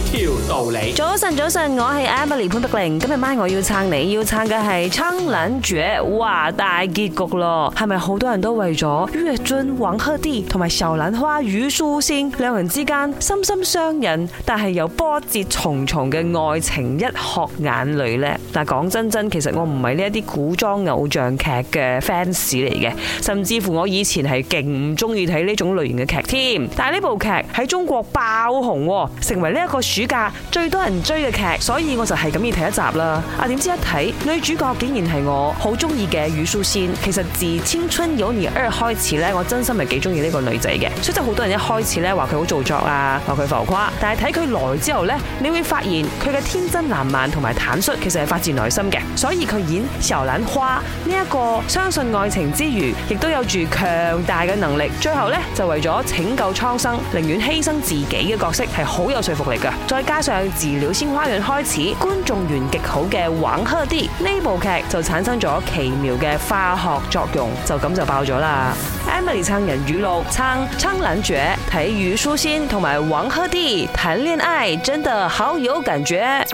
條道理，早晨早晨，我係 Emily 潘德玲，今日晚我要撐，你要撐嘅係《蒼蘭訣》，哇，大結局咯，係咪好多人都為咗月尊王鶴棣同埋小蘭花虞書欣，兩人之間心心相印，但係又波折重重嘅愛情一殼眼淚呢，但講真真，其實我唔係呢一啲古裝偶像劇嘅 fans 嚟嘅，甚至乎我以前係勁唔中意睇呢種類型嘅劇添。但係呢部劇喺中國爆紅，成為呢、這、一個。暑假最多人追嘅劇，所以我就係咁要睇一集啦。啊，點知一睇女主角竟然係我好中意嘅虞書欣。其實自《青春有你二》開始咧，我真心係幾中意呢個女仔嘅。所以好多人一開始咧話佢好做作啊，話佢浮誇。但係睇佢來之後咧，你會發現佢嘅天真爛漫同埋坦率，其實係發自內心嘅。所以佢演小蘭花呢一個相信愛情之餘，亦都有住強大嘅能力。最後咧就為咗拯救蒼生，寧願犧牲自己嘅角色係好有說服力嘅。再加上《自流星花園》開始，觀眾緣極好嘅王鶴棣，呢部劇就產生咗奇妙嘅化學作用，就咁就爆咗啦！Emily 撐人語錄，撐撐蒼蘭訣，睇虞書欣同埋王鶴棣談戀愛，真的好有感覺。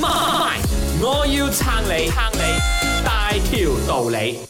媽咪，我要撐你，撐你大條道理。